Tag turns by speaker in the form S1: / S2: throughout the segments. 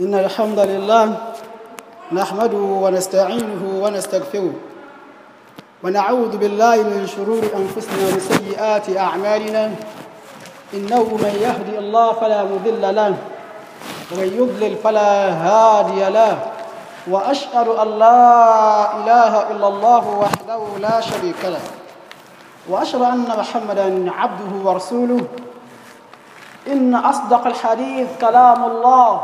S1: إن الحمد لله نحمده ونستعينه ونستغفره ونعوذ بالله من شرور أنفسنا وسيئات أعمالنا إنه من يهدي الله فلا مذل له ومن يضلل فلا هادي له وأشهد أن لا إله إلا الله وحده لا شريك له وأشهد أن محمدا عبده ورسوله إن أصدق الحديث كلام الله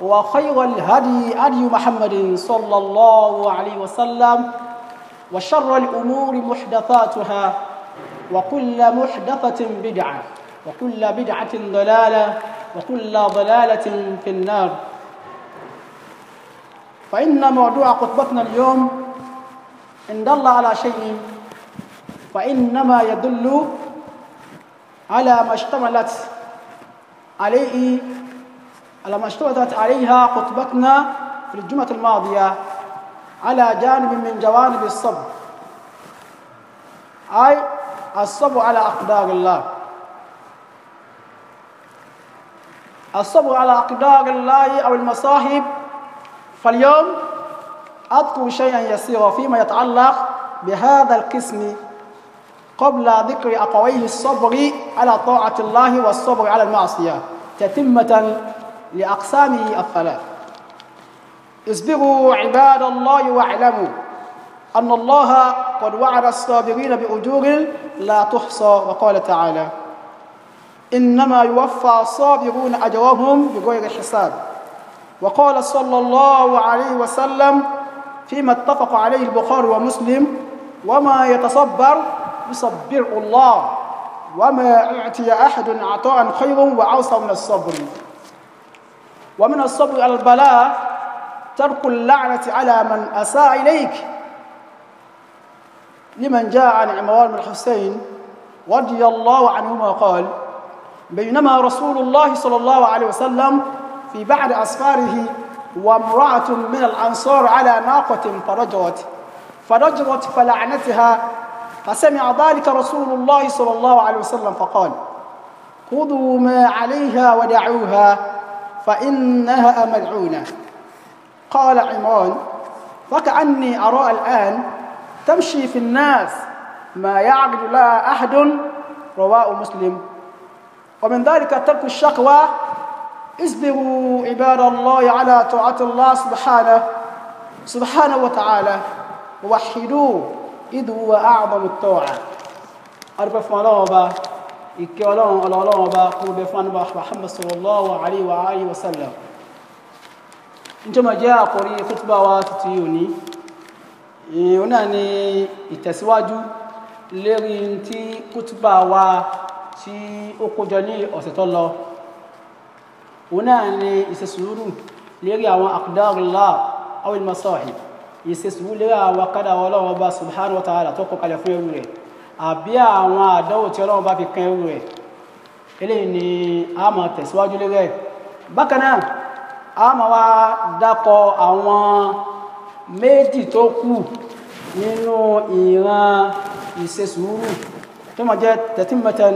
S1: وخير الهدي هدي محمد صلى الله عليه وسلم وشر الأمور محدثاتها وكل محدثة بدعة وكل بدعة ضلالة وكل ضلالة في النار فإن موضوع خطبتنا اليوم إن دل على شيء فإنما يدل على ما اشتملت عليه على ما اشتملت عليها خطبتنا في الجمعة الماضية على جانب من جوانب الصبر أي الصبر على أقدار الله الصبر على أقدار الله أو المصاحب فاليوم أذكر شيئا يسيرا فيما يتعلق بهذا القسم قبل ذكر أقويه الصبر على طاعة الله والصبر على المعصية تتمة لأقسامه الثلاث اصبروا عباد الله واعلموا أن الله قد وعد الصابرين بأجور لا تحصى وقال تعالى إنما يوفى الصابرون أجرهم بغير حساب وقال صلى الله عليه وسلم فيما اتفق عليه البخاري ومسلم وما يتصبر يصبر الله وما أعطي أحد عطاء خير وأوسع من الصبر ومن الصبر على البلاء ترك اللعنة على من أساء إليك لمن جاء عن عمران بن الحسين رضي الله عنهما قال بينما رسول الله صلى الله عليه وسلم في بعض أسفاره وامرأة من الأنصار على ناقة فرجعت فرجعت فلعنتها فسمع ذلك رسول الله صلى الله عليه وسلم فقال خذوا ما عليها ودعوها فإنها ملعونة قال عمران وكأني أرى الآن تمشي في الناس ما يعقل لها أحد رواه مسلم ومن ذلك ترك الشقوى اصبروا عباد الله على طاعة الله سبحانه سبحانه وتعالى ووحدوه إذ هو أعظم الطاعة أربع فمالوبا ìkẹ́ ọlọ́run ọlọ́run ọba kúrò bẹ fún ànúbà Muhammad sallallahu alayhi wa alihi wa sallam nítorí jẹ́ àkórí kútùbà wa tuntun yìí òní ìhun náà ni ìtẹ̀síwájú lérí tí kútùbà wa tí ó kójọ ní ọ̀sẹ̀ tó lọ òun ni ìṣesùúrù lérí àwọn aqdarullah awil masahib ìṣesùúrù lérí àwọn kádà ọlọ́run ọba subhanahu wa ta'ala tó kọ fún ẹrú rẹ̀ àbí àwọn àdánwò tí ọlọ́run bá fi kan ẹrú rẹ̀ eléyìí ni a máa tẹ̀síwájú lé rẹ̀ bákan náà a máa wá dákọ àwọn méjì tó kù nínú ìran ìṣesùúrù tó máa jẹ́ tẹ̀tìmọ̀tẹ́n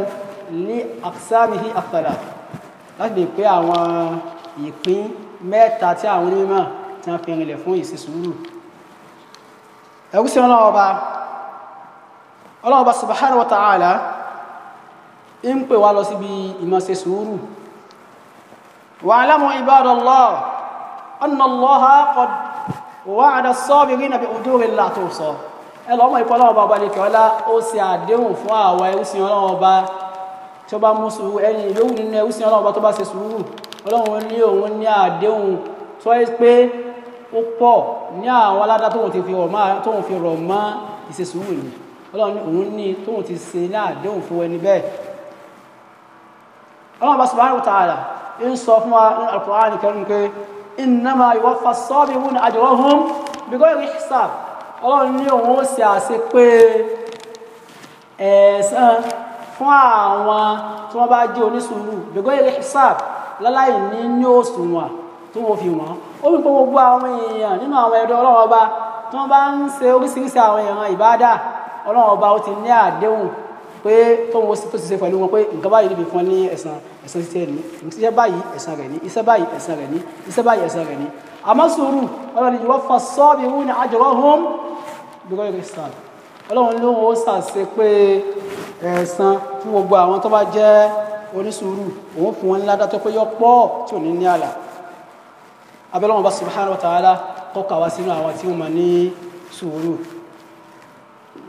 S1: ní àkísàmìhì àkàrà láti lè pé àwọn ìpín mẹ́ta tí àwọn onímọ̀ tí wọ́n fi rinlẹ̀ fún ìṣesùúrù ẹ̀rú sí ọlọ́run ọba ọlọ́run bá subhanahu wa ta'ala ń pè wá lọ síbi ìmọ̀ọ́sẹ̀ sùúrù wa'lamu ibadallah anna Allaha qad wa'ada as-sabirina bi'udurin la tuhsa ẹ lọ́ mọ̀ ìpọ́ ọlọ́run bá ọba lẹ́kẹ̀ọ́ lá ó ṣe àdéhùn fún àwa ẹ̀wùsìn ọlọ́run ọba tí bá mú sùúrù ẹni yòówù nínú ẹ̀wùsìn ọlọ́run ọba tó bá ṣe sùúrù ọlọ́run ní òun ní àdéhùn tó ẹ pé ó pọ̀ ní àwọn aládá tóun fi rọ̀ mọ́ ìṣesùúrù yìí ọlọ́run òun ní tóun ti ṣe láàdéhùn fún ẹni bẹ́ẹ̀ ọlọ́run bá subhanahu wa ta'ala ń sọ fún wa ní Al-Qur'an Al-Karim pé innama yuwaffa as-sabiruna ajrahum bighayri hisab ọlọ́run ní òun ó ṣe àṣe pé ẹ̀san fún àwọn tí wọ́n bá jẹ́ onísùúrù bighayri hisab láláì ní ní òṣùwọ̀n tó wọ́n fi wọ́n ó wípé gbogbo àwọn èèyàn nínú àwọn ẹ̀dọ́ ọlọ́run ọba tí wọ́n bá ń ṣe oríṣiríṣi àwọn èèyàn ìbádà ọlọ́run ọba ó ti ní àdéhùn pé tóun ó ti ṣe pẹ̀lú wọn pé nǹkan báyìí níbi fún ní ẹ̀san ẹ̀san ti tẹ̀ ní iṣẹ́ báyìí ẹ̀san rẹ̀ ní iṣẹ́ báyìí ẹ̀san rẹ̀ ní iṣẹ́ báyìí ẹ̀san rẹ̀ ní àmọ́ sùúrù ọlọ́run ìjọba fa sọ́ọ̀bì wù ní àjọwọ́ hóm bíkọ́ ìrìn sàn ọlọ́run ló ń ṣàṣe pé ẹ̀san fún gbogbo àwọn tó bá jẹ́ onísùúrù òun fún wọn ńlá dátọ́ pé yọ pọ̀ tí ò ní ní àlà abẹ́lọ́wọ́n bá subhanahu wa ta'ala kọ́ka wá sínú àwọn tí wọ́n máa ní sùúrù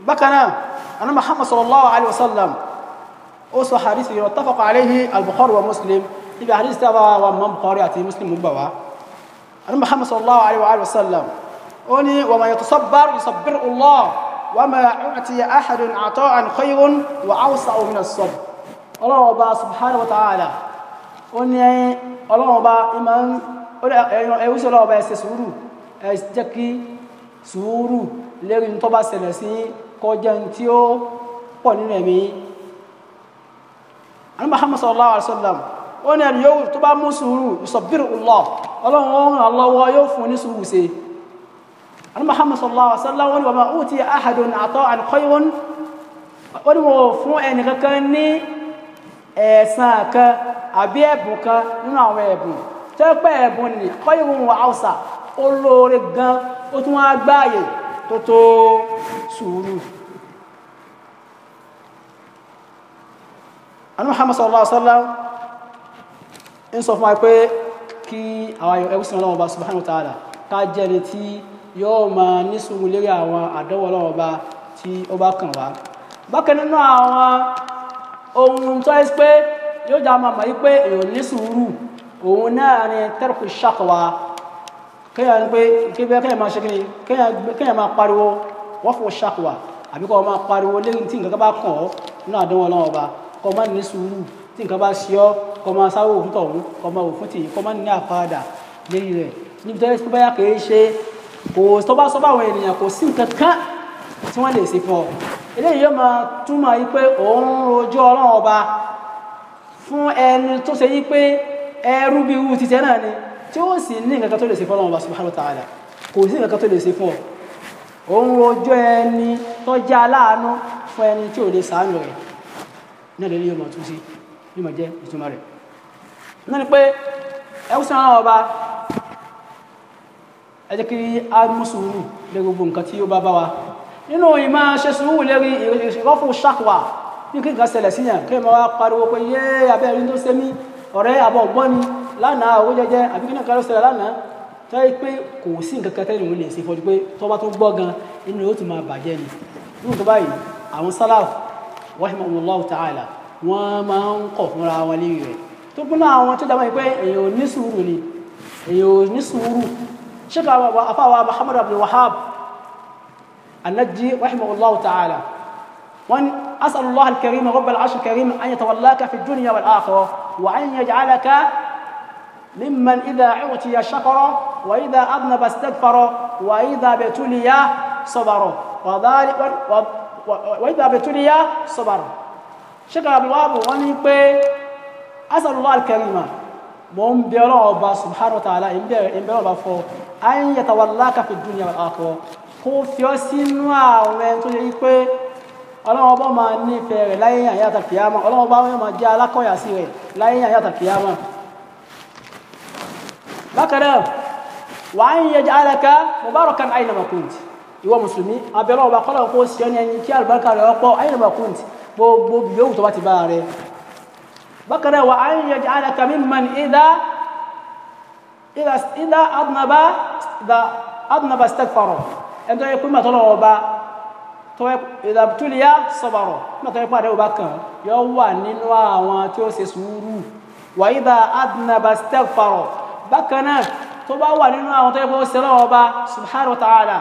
S1: bákan náà anu muhammad sallallahu alayhi wa sallam ó sọ hadith yìí rattafaqa alayhi al-bukhari wa muslim níbi hadith tí a bá wa mọ bukhari àti muslim gbà wá anu muhammad sallallahu alayhi wa sallam ó ní wa man yatasabbar yusabbiru allah wa ma yu'tiya ahadun ata'an khayrun wa awsa'u min as-sabr ọlọ́wọ́ subhanahu wa ta'ala ó ní ọlọ́wọ́ bá ìmọ̀ ẹ̀wù sí ọlọ́wọ́ bá ẹ̀sẹ̀ sùúrù ẹ̀ jẹ́ kí sùúrù lérí ní tó bá ṣẹlẹ̀ sí kọjá tí ó pọ̀ nínú ẹ̀mí àwọn Muhammad sallallahu alaihi wa sallam ó ní ẹni yóò tó bá mú sùúrù ìsọ̀bírù Allah ọlọ́run ó ràn lọ́wọ́ yóò fún ní sallallahu alaihi wa sallam ó ní bàbá ó ti ahadun àtọ́ àlùkọ́yọ́n ó ní wọ́n fún ẹnì kankan ní ẹ̀san kan àbí ẹ̀bùn kan nínú àwọn ẹ̀bùn tẹ́pẹ́ ẹ̀bùn ni kọ́yọ̀wọ̀n wà áwùsà ó gan ó tún wá gbáàyè tó sùúrù anu muhammad sallallahu alaihi wa sallam ń sọ fún wa pé kí àwọn ẹ̀wù sinmi ọlọ́wọ́ ọba subhanahu wa ta'ala ká jẹ́ ẹni tí yóò máa ní sùúrù lérí àwọn àdánwò ọlọ́wọ́ ọba tí ó bá kàn wá bákan nínú àwọn ohun tó ẹ pé yóò jẹ́ àmọ́ àmọ́ yìí pé èèyàn ní sùúrù òun náà ni tarku shaqwa kéèyàn pé kéèyàn máa ṣe kéèyàn máa pariwo wọ́n fún ṣàkùwà àbí kọ́ ọ máa pariwo lẹ́yìn tí nǹkan bá kàn ọ́ nínú àdánwò ọlọ́run ọba kọ́ ọ máa ní sùúrù tí nǹkan bá ṣe ọ́ kọ́ ọ máa sáré òfin tọ̀hún kọ́ ọ máa òfin tì kọ́ ọ máa ní àpadà lẹ́yìn rẹ̀ níbi tó yẹ kó báyà kìí ṣe kò tó bá sọ báwọn ènìyàn kò sí nǹkan kan tí wọ́n lè ṣe fún ọ eléyìí yóò máa túmọ̀ yí pé òun rojú ọlọ́run ọba fún ẹni tó ṣe yí pé ẹrú bíi irú títẹ náà ni tí ó sì ní nǹkan kan tó lè ṣe fún ọlọ́run ọba subhanahu wa ta'ala kò sí nǹkan kan tó lè ṣe fún ọ òun ojú ẹni tó jẹ́ aláàánú fún ẹni tí ò lè sàánú rẹ̀ náà lè rí ọmọ tún sí ní jẹ́ ìtumọ̀ rẹ̀ náà ni pé ọba ẹ jẹ́ kí a mú sùúrù lé gbogbo nǹkan tí ó bá bá wa nínú ìmọ̀ ṣe sùúrù lérí ìrọ́fù ṣàkùwà ní kí ṣẹlẹ̀ síyàn kí pariwo pé yé abẹ́rẹ́ tó ṣe mí ọ̀rẹ́ àbọ̀ mi lánàá owó àbí kí tó yẹ pé kò sí nǹkan kan tẹ́lẹ̀ òun lè ṣe fọjú pé tó bá tó gbọ́ gan inú yóò ti máa bàjẹ́ ni irú nǹkan báyìí àwọn sálàf rahimahullahu ta'ala wọ́n máa ń kọ̀ fúnra wọn lérí rẹ̀ tó gbóná àwọn tó dábàá pé èèyàn ò ní sùúrù ni èèyàn ò ní sùúrù ṣéka afáwa muhammadu abdul wahab anaji rahimahullahu ta'ala wọ́n أسأل الله الكريم رب العرش الكريم وإذا أذنب استغفر وإذا بتلي صبر وذلك وإذا بتلي صبر شكرا عبد الوهاب وني أسأل الله الكريم mo ń bẹ ọlọ́run ọba subhanahu wa ta'ala ń bẹ ń bẹ ọlọ́run ọba fọ ayé ń yàtọ̀ wàllá káfí dunya wal akhirah kó fi ọ sínú ààrẹ tó yẹ pé ọlọ́run ọba máa nífẹ̀ẹ́ rẹ̀ láyé yàn yàtọ̀ kìyàmọ́ ọlọ́run ọba máa jẹ́ alákọ̀yà sí rẹ̀ láyé yàn yàtọ̀ kìyàmọ́. bákan náà wa an yaj'alaka mubarakan aynama kunti ìwọ mùsùlùmí abẹ́rẹ́ ọba kọ́lá kó sí ọ́nà ẹni kí àlùbáríkà rẹ̀ ọ̀pọ̀ aynama kunti gbogbo yòówù tó bá ti bára rẹ̀ bákan náà wa an yaj'alaka mimman idha idha adnaba idha adnaba istakfara ẹni tó yẹ kó mọ̀tọ́ lọ́wọ́ ọba tó yẹ idha ibtuliya sabara yẹ kó àdéhùn bá kàn yọ wà nínú àwọn tí ó ṣe sùúrù wa idha adnaba istakfara bákan tó bá wà nínú àwọn tó yẹ kó ṣe lọ́wọ́ ọba subhanahu wa ta'ala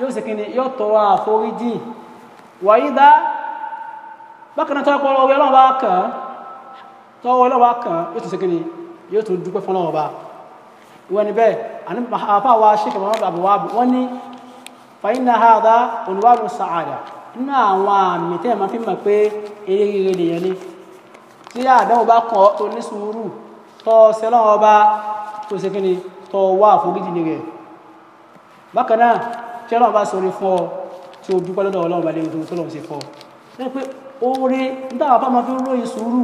S1: yóò ṣe kíni yóò tọrọ àforíjì wàyí dá bákan náà tó yẹ kó ọwọ́ ọlọ́wọ́ bá kàn tọwọ́ ọlọ́wọ́ kàn yóò tún ṣe kíni yóò tún dúpẹ́ fún ọlọ́wọ́ ọba ìwọ ni bẹ́ẹ̀ àní àfa wa ṣe kẹfà wọn àbúwá wọn ní fàyínà hàdá olùwàlù sàádà nínú àwọn àmì tẹ́ ẹ̀ máa fi mọ̀ pé eré rere nìyẹn ni tí àdánwò bá kàn ọ́ tó ní sùúrù tọ́ ọ tó ṣe kí ni tọ́ wá àforíjì rẹ̀ bákan náà tí ọlọ́run bá sọrí fún ọ tí o dúpẹ́ lọ́dọ̀ ọlọ́run bá lè tó lọ́run ṣe fún ọ lẹ́yìn pé oore ń dá àwọn fáwọn fi ń ròyìn sùúrù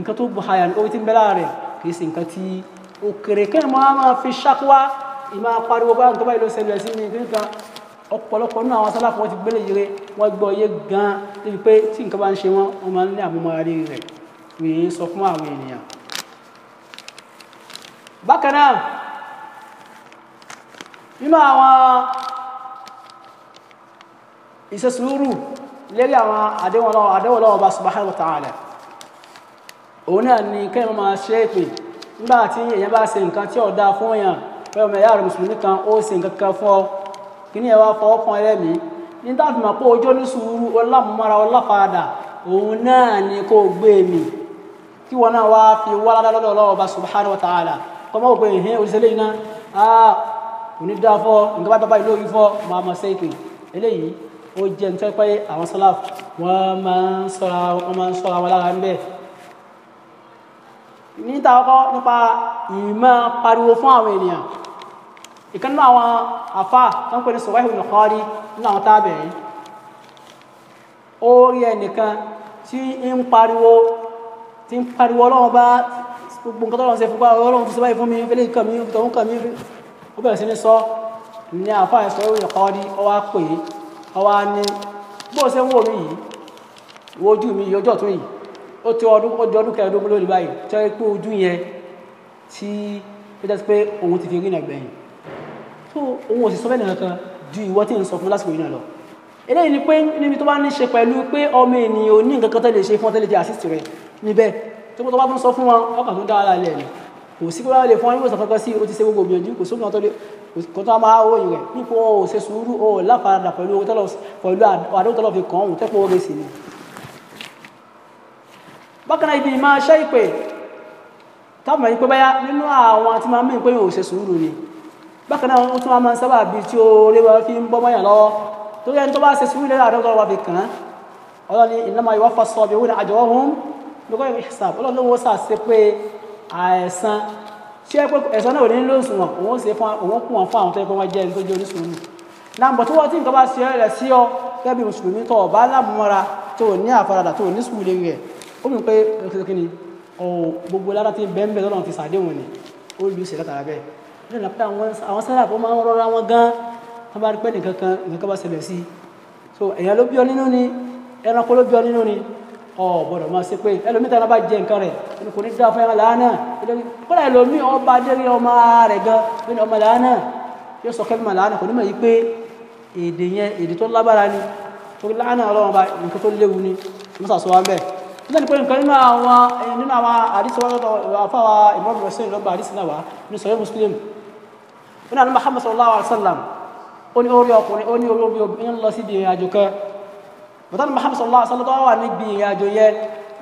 S1: nǹkan tó gbọ̀hayà ní orí tí ń bẹ́lá rẹ̀ kì í sì nǹkan tí ó kéré kí ẹ̀mọ́ máa fi ṣákwá ìmọ̀ apariwo bá nǹkan báyìí ló ṣẹlẹ̀ sí ní kíkà ọ̀pọ̀lọpọ̀ nínú àwọn sálàfọ̀ wọn ti gbélé yire wọ́n gbọ́ yé gan-an débi pé tí nǹkan bá ń ṣe wọ́n wọ́n máa ń lé àmúmọ́ ara rẹ̀ rẹ̀ sọ fún àwọn ènìyàn bákan náà nínú àwọn ìṣesùúrù lérí àwọn àdéhùn ọlọ́wọ́ bá subhanahu wa ta'ala òun náà ni kẹ́yìn máa ṣe é pè nígbà tí èèyàn bá ṣe nǹkan tí ó dáa fún èèyàn pé ọmọ ẹ̀yà rẹ̀ mùsùlùmí kan ó ṣe nǹkan kan fún ọ kí ni ẹ wá fọwọ́ kan ẹlẹ́mìí ní dáàbò mọ̀ pé ojú ní sùúrù ọlámúmára ọláfàdà òun náà ni kó gbé mi kí wọn náà wá fi wá ládàá ọlọ́wọ́ bá subhanahu wa ta'ala tọ́mọ́ òpin ìhín oríṣẹ́lẹ̀ iná áà onídàáfọ́ nǹkan bá tọ́pá ìlú òyìn fọ́ máa mọ̀ sí ìpè eléyìí ó jẹ́ nítorí pé àwọn sálàf wọ́n máa ń sọ́ra wọ́n máa ń sọ́ra wọn lára ń bẹ̀. níta ọkọ nípa ìmọ̀ pariwo fún àwọn ènìyàn ìkan nínú àwọn àfa tó ń pè ní sọ̀wáhì nìkọ́rí nínú àwọn tábẹ̀ yìí ó rí ẹnìkan tí ń pariwo tí ń pariwo ọlọ́run bá gbogbo nǹkan tọ́lọ́run ṣe fún pa ọlọ́run fún síbáyé fún mi fẹ́lẹ́ ìkàn mi tọ̀hún kàn mi ó bẹ̀rẹ̀ sí ní sọ ní àǹfààní sọ ìròyìn kan rí ọ wá pè é ọ wá ní bó ṣe ń wò mí yìí wo ojú mi yìí ojú ọ̀tún yìí ó ti ọdún ó di ọdún kẹrìndínlógún lónìí báyìí tí wọ́n pé ojú yẹn tí ó jẹ́ pé òun ti fi rí ìnàgbẹ̀yìn tó òun ò sì sọ fẹ́ nìkan kan ju ìwọ tí ń sọ fún lásìkò yìí náà lọ eléyìí ni pé níbi tó bá ní ṣe pẹ̀lú pé ọmọ ènìyàn ò ní nǹkan kan tó ṣe fún ọ tó lè ti àṣìṣe níbẹ̀ tó kó tó bá tún sọ fún wọn ọkàn tún dára lẹ̀ ni kò sí kóra lè fún wọn yóò sàfẹ́kọ́ sí o ti ṣe gbogbo gbìyànjú kò sókun tó lé kò tó máa wọ yìí rẹ̀ nípò ṣe sùúrù o láfaradà pẹ̀lú owó tọ́lọ̀ pẹ̀lú àdéhùn tọ́lọ̀ fi kàn òun tẹ́pọ̀ owó rẹ̀ ni. bákan náà ibi máa ṣe ìpè táwọn ẹni pé báyá nínú àwọn tí máa ń mú ìpè ṣe sùúrù ni bákan náà wọn tún máa ń sábà bíi lókọ́ ìwé sàb ọlọ́run lówó sà ṣe pé àẹ̀sán ṣé pé ẹ̀sán náà ò ní lóṣù wọn òun ṣe fún òun kù wọn fún àwọn tó yẹ kó wọn jẹ ẹni tó jẹ oníṣòwò làǹbọ̀ tí wọ́n ti nǹkan bá ṣe rẹ̀ sí ọ gẹ́gẹ́ bí mùsùlùmí tó ọ̀bá lámúmọ́ra tó ní àfaradà tó ní sùúrù lérí rẹ̀ ó mú pé kí ni ọ̀hún gbogbo lára ti bẹ́ẹ̀ bẹ́ẹ̀ lọ́nà ti sàdéhùn ni ó lù ú sí látara bẹ́ẹ̀ lẹ́nu pé àwọn sára kó máa ń rọra wọn gan wọn bá rí pé nìkan kan nìkan bá ṣẹlẹ̀ sí so èèyàn ló bí ọ nínú ni ẹranko ló bí ọ nínú ọ̀bọ̀dọ̀ máa ṣe pé ẹlòmí tánà bá jẹ nǹkan rẹ̀ ẹni kò ní dá fún ẹran làánà kọ́lá ẹlòmí ọba adérí ọmọ rẹ̀ gan nínú ọmọ làánà yóò sọ kẹ́bí máa làánà kò ní mọ̀ yí pé èdè yẹn èdè tó lágbára ni tó làánà ọlọ́run ọba nǹkan tó léwu ni wọ́n sàṣọ wa bẹ́ẹ̀ nígbà tí pé nǹkan nínú àwọn nínú àwọn àdìsí àfáwà Imam Hussein àdìsí náà wá ní sọ̀rọ̀ Muslim ó ní àná Muhammad sallallahu alaihi wa sallam ó ní orí ọkùnrin ó ní orí bàtà Muhammad sallallahu alaihi wasallam wà níbi ìrìn àjò yẹn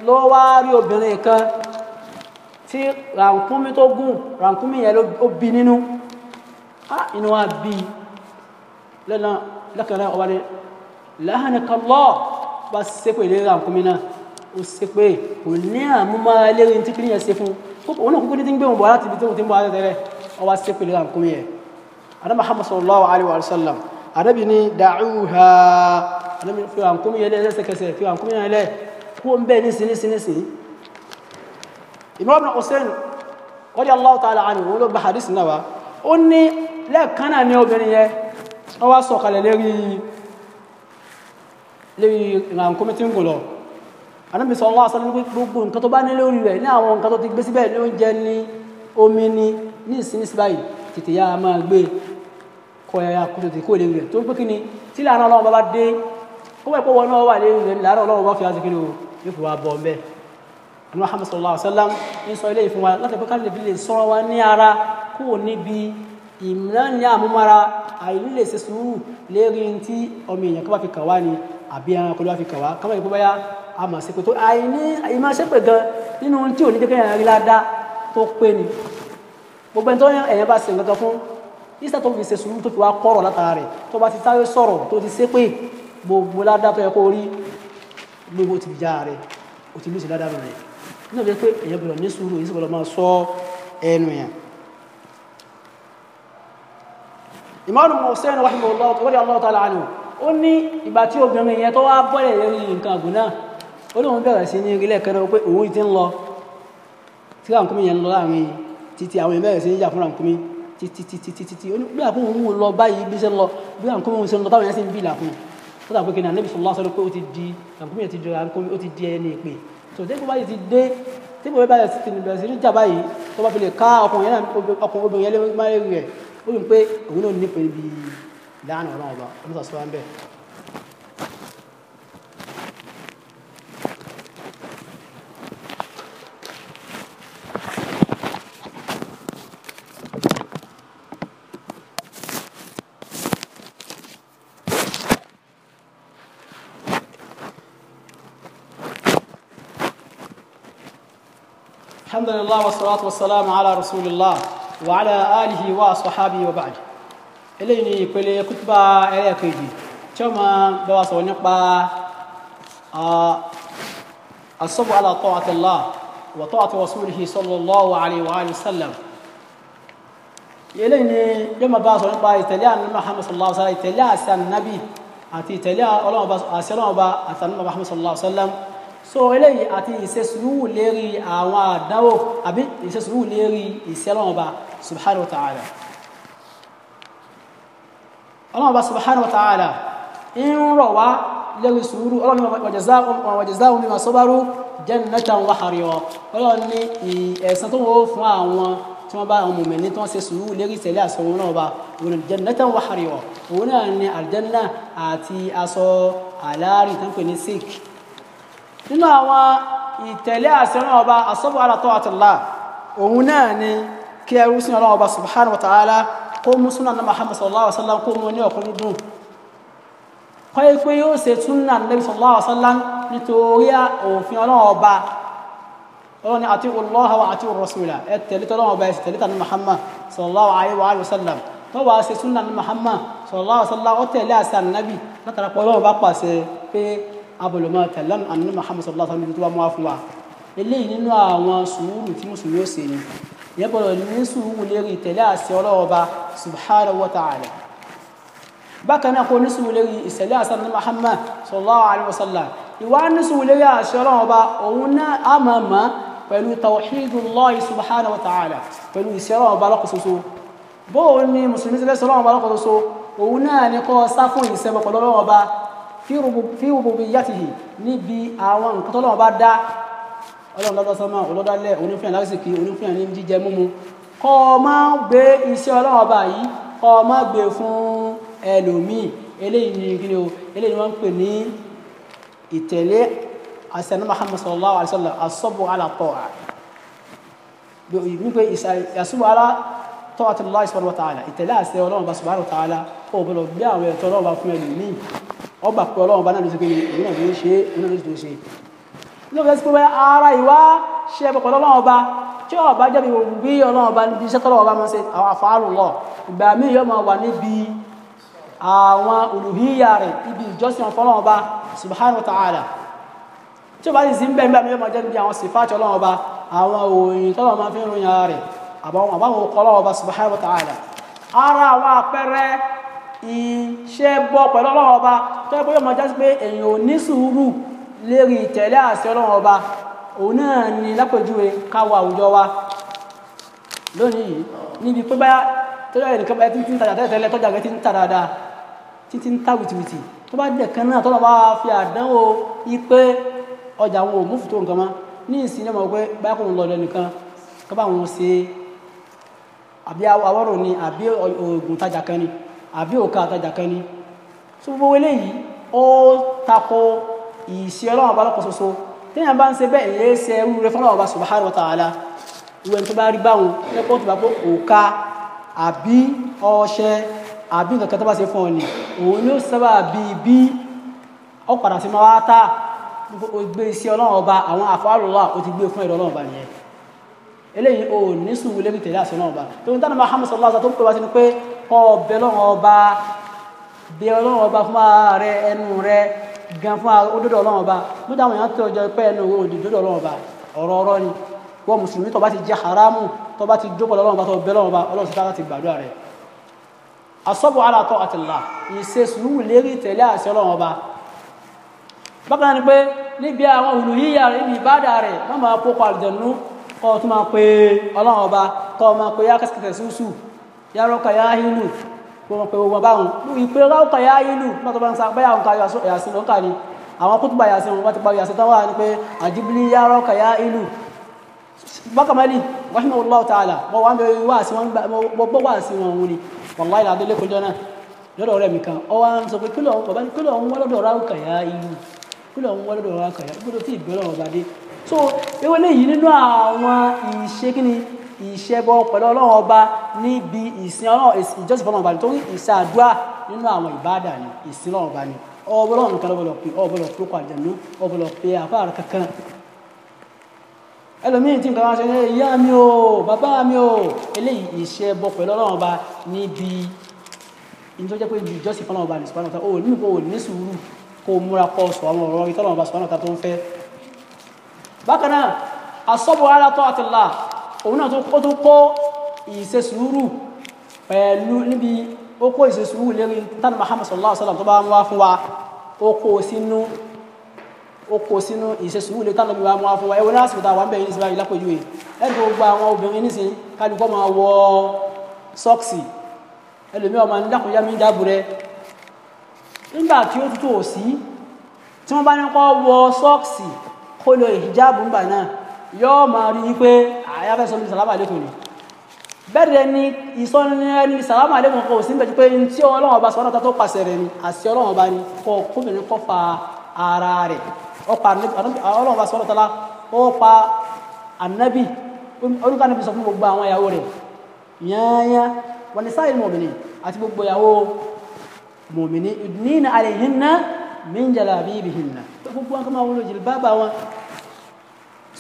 S1: ló wá rí obìnrin kan tí rànkúnmí tó gùn rànkúnmí yẹn ló bí nínú á inú wa bí lẹ́nà lẹ́kẹ̀rẹ́ ọba ni láhànìkàlọ́ bá sépè lé rànkúnmí náà ó sépè kò ní àmúmára lérí tí kìnìyàn ṣe fún òun náà kúkú ní ti ń gbé wọn bọ̀ láti ibi tí òun ti ń bọ̀ láti ọba sépè lé rànkúnmí yẹn adá Muhammad sallallahu alaihi wasallam adábìnrin da'uha anábì fi àǹkómi yẹn lẹ lẹ́sẹ̀kẹsẹ̀ fi àǹkómi yẹn lẹ kú ń bẹ nísìn nísìn nísìn Imam Hussein radiyallahu ta'ala anhu wọn ló gba hadith náà wa ó ní lẹ́ẹ̀kan náà ní obìnrin yẹn wọ́n wá sọ̀kalẹ̀ lérí lérí ìrànkómi tí ń gùn lọ anábì sọ wọ́n asọ́lẹ́ gbogbo nǹkan tó bá ní lórí rẹ̀ ní àwọn nǹkan tó ti gbé síbẹ̀ ní oúnjẹ ní omi ní ní báyìí tètè yá máa gbé kọ ẹ̀yà kó tètè kó lérí rẹ̀ tó ń pé kí ni tí làánà ọlọ́run bá bá dé kó wẹ́ pé wọn náà wà lẹ́yìn rẹ̀ láàárọ̀ ọlọ́run bá fi àti kiri o yóò fi wá bọ̀ ọ́nbẹ́ àná Muhammad sallallahu alaihi wasallam ń sọ eléyìí fún wa láti pé káàdì lè sọ́ra wa ní ara kó o níbi ìmúlẹ́ni àmúmára àìní lè ṣe sùúrù lérí tí ọmọ èèyàn kọ́ bá fi kàn wá ni àbí ẹranko ló bá fi kàn wá kọ́mọ̀ ìpínpẹ́ yá a mà sí pé tó àìní ìmọ̀ ṣe nǹkan gbogbo ládàtọ̀ ẹ̀kọ́ orí gbogbo ti já rẹ̀ o ti lùsì ládàtọ̀ rẹ̀ nígbà jẹ́ pé èyàn gbọ́dọ̀ ní sùúrù yìí sì gbọ́dọ̀ máa sọ ẹnu yẹn ìmáàlù Hussein rahimahullah Allah ta'ala anhu ó ní ìgbà tí obìnrin yẹn tó wá bọ́lẹ̀ lórí nǹkan àgùn náà ó lóun bẹ̀rẹ̀ sí ní ilé ẹ̀kẹ́rẹ́ pé òun ti ń lọ tí ràǹkúmí yẹn ń lọ láàrin títí àwọn ìbẹ̀rẹ̀ sí ní ìjà fún ràǹkúmí títí títí títí ó ní bí àkóhun ń lọ báyìí bí ṣe ń lọ bí ràǹkúmí ń ṣe ń lọ táwọn yẹn sì ń bìlà fún un ó dàbí kìnìún anábì sọlá sọlá pé ó ti di àkómi ti jọra àkómi ó ti di ẹni ìpè tó dé gbogbo àti dé tí bòbá bá ti bẹ̀rẹ̀ sí ní jàmbá yìí tó bá fi lè ká ọkùnrin yẹn ọkùnrin obìnrin yẹn lé máa rẹ̀ ó yìn pé òun náà nípe ibi láàánú ọlọ́run ọba ọlọ́sàsọ́ wa ń bẹ̀ الحمد لله والصلاة والسلام على رسول الله وعلى آله وصحابه وبعد eléyìí ni ìpele kútùbà ẹlẹ́ẹ̀kejì tí ó máa bá wa sọ̀rọ̀ nípa asọ́bù ala ta'ati Allah wa ta'ati rasulihi sallallahu alayhi wa alihi wa sallam eléyìí ni yóò máa bá wa sọ̀rọ̀ nípa ìtẹ̀lé àná Muhammad sallallahu alayhi wa sallam ìtẹ̀lé àṣà nàbì àti ìtẹ̀lé ọlọ́mọba àṣẹ ọlọ́mọba àtàlùmọ̀ Muhammad sallallahu alayhi wa sallam so eléyìí àti ìṣesùúrù lérí àwọn àdánwò àbí ìṣesùúrù lérí ìṣẹ́lọ́mọba subhanahu wa ta'ala ọlọ́mọba subhanahu wa ta'ala ń rọ̀ wá lérí sùúrù ọlọ́mọba wàjẹ̀záhùn mímọ̀ sọ́bárú jannatan wa harira ọlọ́run ní ẹ̀san tó wọ́n fún àwọn tí wọ́n bá àwọn mùmínì tí wọ́n ṣe sùúrù lérí ìtẹ̀lé àṣọ wọn náà bá òun jannatan wa harira òun náà ní aljanna àti aṣọ àlárí ní sikh nínú àwọn ìtẹ̀lé àṣẹrán ọba asọ́bù alatọ́ àtàlá òun náà ni kí ẹrú sí ọlọ́run ọba subhanahu wa ta'ala kó mú súnà náà Muhammad sallallahu alaihi wa sallam kó mú ní ọkùnrin dùn kọ́ ẹ pé yóò ṣe súnà Nabi sallallahu alaihi wa sallam nítorí òfin ọlọ́run ọba ọlọ́run àti Allah wa àti rasula ẹ tẹ̀lé tọ́lọ́run ọba ẹ tẹ̀lé tàn Muhammad sallallahu alaihi wa Muhammad sallallahu alaihi wa sallam ó tẹ̀lé àṣà látara pọ̀ ọlọ́run bá pàṣẹ pé abọ̀lọ́mọ tẹ̀lẹ́nu ànínú Muhammad sallallahu alaihi wasallam tó bá mú wá fún wa eléyìí nínú àwọn sùúrù tí mùsùlùmí ó ṣe ni ìyẹn gbọ́dọ̀ ní sùúrù lérí ìtẹ̀lé àṣẹ Ọlọ́run Ọba subhanahu wa ta'ala bákan náà kó ní sùúrù lérí ìṣẹ̀lẹ̀ àṣẹ ànínú Muhammad sallallahu alaihi wasallam ìwà ní sùúrù lérí àṣẹ Ọlọ́run Ọba òun náà á máa pẹ̀lú tawhidullahi subhanahu wa ta'ala pẹ̀lú ìṣẹ̀lẹ̀ Ọlọ́run fi rububiyyatihi níbi àwọn nǹkan tọ́lọ́wọ́n bá dá ọlọ́run lọ́dọ́ sọ́mọ́ ọlọ́dọ́lẹ̀ onífúnyàn lásìkò onífúnyàn ní jíjẹ múmu kọ́ ọ má gbé iṣẹ́ ọlọ́run ọba yìí kọ́ ọ má gbé fún ẹlòmíì eléyìí ni kí ni o eléyìí ni wọ́n ń pè ní ìtẹ̀lé asẹ́nu Muhammad sallallahu alayhi wa sallam asọ́bù alatọ́a wípé asọ́bù alatọ́a ti lọ́wọ́ subhanahu wa ta'ala ìtẹ̀lé àṣẹ ọlọ́run ọba subhanahu wa ta'ala kó o bọ̀ lọ gbé àwọn ẹ̀tọ́ ọlọ́run ọba fún ẹlòmíì ọgbà pé ọlọ́run bá náà ló ṣe kéde ìwé náà ló ń ṣe ìwé náà ló ń ṣe ló fẹ́ sí pé ara ìwá ṣe ẹ̀fọ́ pẹ̀lú ọlọ́run ọba tí ọba jẹ́ bí ọlọ́run ọba níbi iṣẹ́ tọ́lọ́ ọba máa ṣe àwọn àfààrù lọ ìgbà míì yóò máa wà níbi àwọn olùhíyà rẹ̀ ibi ìjọsìn ọ̀fọ́lọ́run ọba subhanahu wa ta'ala tí ọba sì sí ń nígbà míì yóò máa jẹ́ níbi àwọn sèfáàtì ọlọ́run ọba àwọn òyìn tọ́lọ́ máa fi ń ròyìn rẹ̀ àbáwọn ọkọ̀ ọlọ́run ọba subhanahu wa ta'ala ara àwọn àpẹẹrẹ iṣẹ́ bọ́ pẹ̀lú ọlọ́run ọba tó yẹ kó yọmọ jásí pé èèyàn ò ní sùúrù lérí ìtẹ̀lé àṣẹ ọlọ́run ọba òun náà ni lápèjúwe àwùjọ wa lónìí yìí níbi pé báyà tọ́jà ẹnìkan báyà títí ń tajà tẹ́lẹ̀tẹ́lẹ̀ tọ́jà rẹ̀ ti ń ta dáadáa títí ń wìtìwìtì tó bá dẹ̀ kan náà fi àdánwò ipe ọjà àwọn òmùfù tó nǹkan mọ́ ní ìsìn báyà kò ń lọ àbí òkà àtajà kan ni tó gbogbo eléyìí ó tako ìṣe ọlọ́run ọba lọ́pọ̀ ṣoṣo téèyàn bá ń ṣe bẹ́ẹ̀ lè ṣe ẹrú rẹ fọlọ́run ọba subhanahu wa ta'ala ìwé tó bá rí báwọn lẹ́kọ̀ọ́ tó bá pé òkà àbí ọṣẹ àbí nǹkan kan tó bá ṣe fún ọ ni òun ni ó sábà bí bí ó padà sí máa wá tà ó gbé iṣẹ́ ọlọ́run ọba àwọn àfọwárọ̀lá ó ti gbé fún ẹ̀rọ ọlọ́run ọba nìyẹn eléyìí ò ní sùn wílé ní tẹ̀lé àṣẹ náà ọba tó ń tánà máa hàmùsọ̀ lọ́sà tó ń pè wá sí ni pé kọ́ ọbẹ̀ lọ́wọ́ ọba bí ọlọ́wọ́ ọba fún ara rẹ ẹnu rẹ gan fún ara òdodo ọlọ́wọ́ ọba ló dáwọn èèyàn tó jọ pé ẹnu òwò òdodo ọlọ́wọ́ ọba ọ̀rọ̀ ọ̀rọ̀ ni wọ́n mùsùlùmí tó bá ti jẹ́ haramu tó bá ti jókòó lọ́wọ́ ọba tó bẹ́ lọ́wọ́ ọba ọlọ́wọ́ sì láti gbàdúrà rẹ asọ́bù alatọ́ àtìlá ìṣe sùúrù lérí tẹ̀lé àṣẹ ọlọ́wọ́ ọba bákan náà ni pé níbi àwọn olùyíyà rẹ níbi rẹ wọ́n máa kópa àlùjẹ̀nu kọ́ ọ ya rọ́kà ya hílù kó wọn pe gbogbo báwọn ìpè rọ́kà ya hílù mọ́tò bá ń sa bẹ́ẹ̀ àwọn ká yàsìn lọ́kà ni àwọn kútùbà yàsìn wọn bá ti parí yàsìn táwọn wà ní pé àjíbílì ya rọ́kà ya hílù bákàmẹ́lì rahimahullahu ta'ala mọ wà mẹ wá sí wọn gbọ́ gbọ́ wá sí wọn wuli wàláyé làdó lẹ́kọ̀ọ́ jọ náà lọ́dọ̀ rẹ̀ mi kan ọ wá ń sọ pé kílọ̀ bàbá ní kílọ̀ so ewé léyìí nínú àwọn ìṣe ìṣẹ́bọ pẹ̀lú ọlọ́run ọba níbi ìsìn ọlọ́run ìjọsìn fọlọ́run ọba nítorí ìṣàdúrà nínú àwọn ìbáàdà ni ìsìn ọlọ́run ọba ni ọbọlọ́run kan lọ́bọ̀lọ́ pé ọbọlọ́ tó kọ àjẹnú ọbọlọ́ pé àfáàrà kankan ẹlòmíì tí nǹkan wá ṣe ní ìyá mi o bàbá mi o eléyìí ìṣẹ́bọ pẹ̀lú ọlọ́run ọba níbi nítorí jẹ́ pé ìjọsìn fọlọ́run ọba ní sùpánà ọ̀tá o nínú kò ní sùúrù kó múra kọ́ sọ àwọn ọ̀rọ̀ ìtọ́lọ́run ọba sùpánà ọ̀tá tó ń fẹ́ bákan náà asọ́bọ̀ alatọ́ àti là òun náà ó tún kó ìṣe sùúrù pẹ̀lú níbi ó kó ìṣe sùúrù lérí tánà Muhammad sallallahu alaihi wasallam tó bá ń wá fún wa ó kó sínú ó kó sínú ìṣe sùúrù lérí tánà Muhammad wá fún wa ẹwọ́n lásìkò táwọn bẹ̀rẹ̀ nísìnyí báyìí lápòjú yìí ẹni tó gba àwọn obìnrin nísìnyí kálukọ́ máa wọ sọ́ọ̀sì ẹlòmí ọmọ nídàkúnyá mi dáàbò rẹ nígbà tí ó tútù òsì tí wọ́n bá ní kọ́ wọ sọ́ọ̀sì kó lo ìjáàbù ńgbà náà yóò máa rí i pé àyà fẹ́ sọ ní sàlámà àlékún ni bẹ́ẹ̀ ni ìsọ́nìyàn ní sàlámà àlékún kò sí níbẹ̀ pé ní tí ọlọ́run ọba sọ́nà tó pàṣẹ rẹ̀ ni àṣẹ ọlọ́run ọba ni kọ́ kóbìnrin kọ́ fa ara rẹ̀ ọlọ́run ọba sọ́nà tọ́lá ó pa ànábì olùkọ́ ànábì sọ fún gbogbo àwọn ìyàwó rẹ̀ yányá wọn ni sáyẹn mọ̀mìnì àti gbogbo ìyàwó mọ̀mìnì ìdùnnìyàn àlẹ́yìn náà mí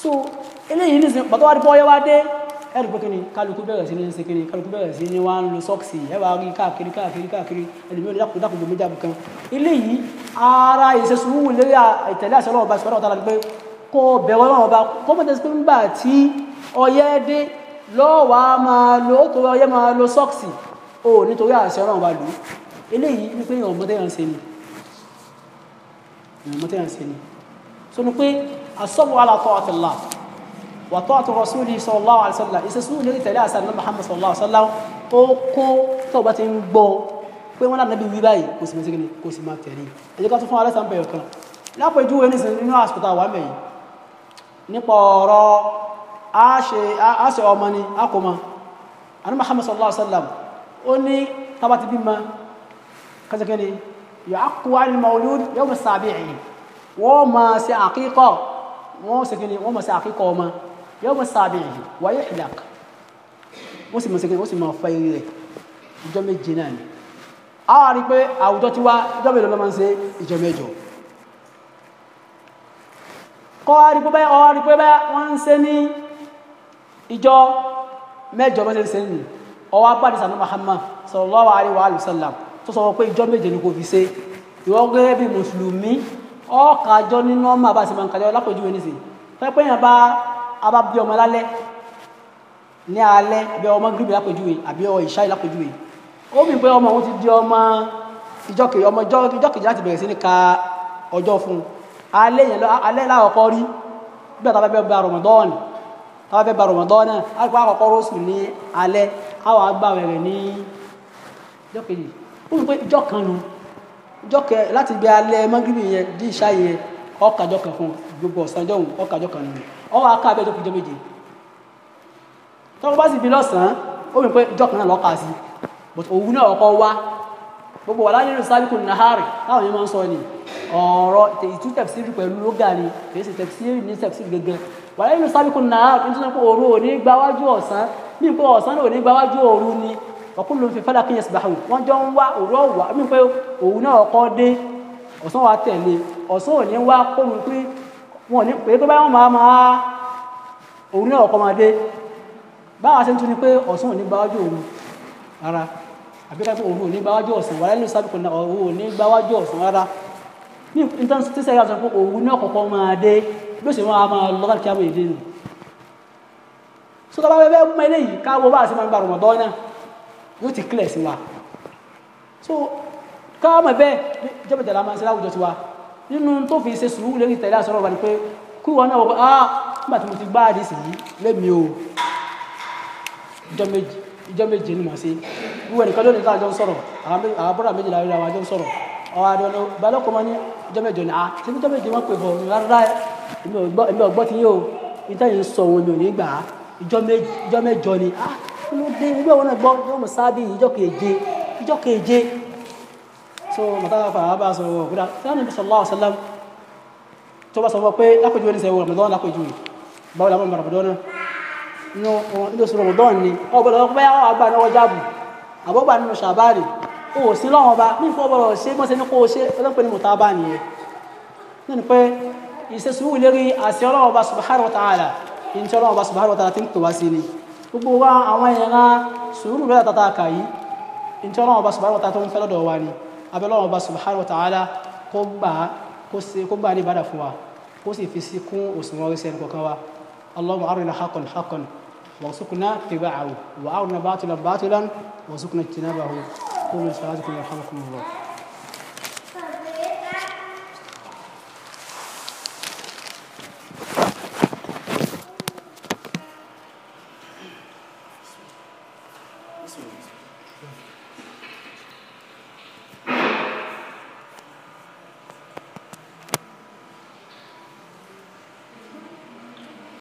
S1: so eléyìí ní sin pàtó wá di pọ́yẹ́ wá dé ẹ̀rù pé kíni kálukú bẹ̀rẹ̀ sí ní ṣe kíni kálukú bẹ̀rẹ̀ sí ní wá ń lo sọ́ọ̀sì ẹ̀ wá rí káàkiri káàkiri káàkiri ẹlòmíràn dákùn dákùn lómi jábù kan eléyìí ara ìṣe sùúrù lórí ìtẹ̀lé àṣẹ ọlọ́ọ̀ba ṣùgbọ́n ọ̀tá láti pé kó bẹ̀rẹ̀ ọlọ́ọ̀ba kó mọ̀tẹ́sí pé nígbà tí ọyẹ́ dé lọ́wọ́ a máa lo ó torí ọyẹ́ máa o nítorí àṣẹ ọlọ́ọ̀ba lò ó eléyìí ní pé ìwọ̀n mọ́tẹ́yàn ṣe ni ìwọ̀n mọ́tẹ́yàn ṣe ni so ni الصبر على طاعة الله وطاعة رسوله صلى الله عليه وسلم. lórí tẹ̀lé àṣà ní Muhammad sallallahu alaihi wasallam ó kó tó bá ti ń gbọ́ pé wọ́n lànà bí wí báyìí kò sì mẹ́sẹ̀kì ni kò sì máa tẹ̀lé ẹ jẹ́ ká tún fún alẹ́ sàn bẹ̀rẹ̀ kan lápò ìdúwé ní sinmi nínú àsìkò tá a wà mẹ́yìn nípa ọ̀rọ̀ àṣẹ ọmọ ni àkómọ àní Muhammad sallallahu alaihi wasallam ó ní tábà ti bímọ kásìkì ni yọ àkó àni mawlud yawm as-sabi'i wọ́n máa ṣe àkíkọ́ wọ́n ṣe kí ni wọ́n mọ̀ sí àkíkọ́ ọmọ yóò mọ̀ sábẹ̀ yìí wáyé ìlàk wọ́n sì mọ̀ sí kí ni wọ́n sì mọ̀ fẹ́ irú rẹ̀ ìjọ méje náà ni a wà rí pé àwùjọ ti wá ìjọ mélòó ló ń ṣe ìjọ mẹ́jọ kọ́ a rí pé báyà ọ́ rí pé báyà wọ́n ń ṣe ní ìjọ mẹ́jọ mẹ́jọ ṣe nì ọwọ́ abáde sànú Muhammad sallallahu alaihi wa tó sọ pé ìjọ méje ni kò fi ṣe ìwọ́n gẹ́gẹ́ bí mùsùlùmí ọ̀kàjọ́ nínú ọmọ àbáṣe máa ń kàjọ́ lápèjúwe nísìnyí pẹ́pẹ́ yẹn bá abá bí ọmọ lálẹ́ ní alẹ́ àbí ọmọ gírígbì lápèjúwe àbí ọ ìṣáì lápèjúwe ó mì pé ọmọ òun ti di ọmọ ìjọkèjì ọmọ ìjọkèjì láti bẹ̀rẹ̀ sí ní ka ọjọ́ fún un alẹ́ yẹn alẹ́ lákọ̀ọ́kọ́ rí bí ọ̀tá fẹ́ bá Ramadan tá fẹ́ bá Ramadan náà á gbọ́ àkọ́kọ́ rọ́ọ̀sù ní alẹ́ á wàá gbà ní ìjọkèjì ó mì pé ìjọ jọkẹ láti ibi alẹ mọgìrìbì yẹn di ìṣá ọkàjọ kan fún gbogbo ọsàn òun ọkàjọ kan nù ọwọ́ aká abẹ́ tó fi jẹ́ méje bá sì án ó mi pé jọkàn náà lọ́ka sí but òwú náà ọkọ wá gbogbo wàlá nínú sábìkù nàhárì táwọn yẹn máa ń sọ ni ọ̀rọ̀ ìtú pẹ̀lú lóga ni kìí ṣe ní wàlá sábìkù nàhárì nítorí ọ̀kú ló ń fi falakin yasbahun wọ́n jọ ń wá òru ọ̀wà mí pé òun náà ọkọ̀ dé ọ̀sán wa tẹ̀lé ọ̀sán ò ní wá kóhun pé wọn ò ní pé tó bá wọn máa máa òun náà ọkọ̀ máa dé báwa ṣe ń tún ni pé ọ̀sán ò ní gbáwájú òun rárá àbí ká pé òun ò ní gbáwájú ọ̀sán wàlẹ́ ní sábìkù náà òun ò ní gbáwájú ọ̀sán rárá ní ìtàn tí sẹ́yà sọ pé òun náà kọ̀ọ̀kan máa dé bí sì máa máa lọ́kàn kí á mọ̀ èdè nù sọ́kọ́ bá fẹ́ fẹ́ mọ eléyìí yóò ti clear sí wa so káwọn mọ̀ bẹ́ẹ̀ jẹ́bẹ̀jẹ̀ la máa ṣe láwùjọ tiwa nínú tó fi ṣe sùúrù lórí tẹ̀lé àsọ̀rọ̀ wa ni pé kí wọn náà wọ pé ah nígbà tí mo ti gbá àdìsí yìí lémi o ìjọ méje ni mo ṣe wíwẹ̀ nìkan lónìí tá a jọ ń sọ̀rọ̀ àwọn bọ́dà méjìlá rí àwọn àjọ ń sọ̀rọ̀ àwọn àdìọ́nà balọ́kọ̀ mọ́ ní ìjọ méje ni ah ṣé ìjọ méje wọn pè fún rárá èmi ò gbọ́ ti yín o ìtẹ́yìn sọ òun mi ò ní gbà á ìjọ mẹ́jọ ni ah kí ló dé ilé ọ̀wọ́ náà gbọ́ yóò mọ̀ sábì ìjọ keje ìjọ keje so mọ̀tàkà fàá bá sọ wọ̀ kúdà tí wọ́n ní sọ̀lá ọ̀sọ̀lá tó bá sọ wọ́n pé lápẹjú ẹni sẹ́wọ̀ ramadan lápẹjú báwo la mọ̀ ramadan náà nínú ilé oṣù ramadan ni ọgbọ̀dọ̀ ọgbọ̀ bẹ́ẹ̀ wọ́n àgbà náà jáàbù àbọ̀gbà nínú sàbárì o ò sí lọ́wọ́n ba ní ìfọwọ́ bọ̀rọ̀ ṣe mọ́sẹ̀ ní kó o ṣe ọlọ́pẹ́ ní mọ̀tàbá nìyẹn nínú pé ìṣesùn wù lérí àṣẹ ọlọ́wọ́n ba subhanahu wa ta'ala ìṣẹ́ ọlọ́wọ́n ba subhanahu wa ń tò wá sí ni gbogbo wa àwọn ìran sùúrù mẹ́ta tata kà yìí ní tí ọlọ́run ọba subhanahu wa ta'ala tó ń fẹ́ lọ́dọ̀ wa ni abẹ́ ọlọ́run ọba subhanahu wa ta'ala kó gbà ní ìbádà fún wa kó sì fi sí kún òṣùwọ̀n orí sẹ́ni kọ̀ọ̀kan wa allahumma arina haqqan haqqan وارزقنا اتباعه وارنا باطلا باطلا وارزقنا اجتنابه قولوا لصلاتكم يرحمكم الله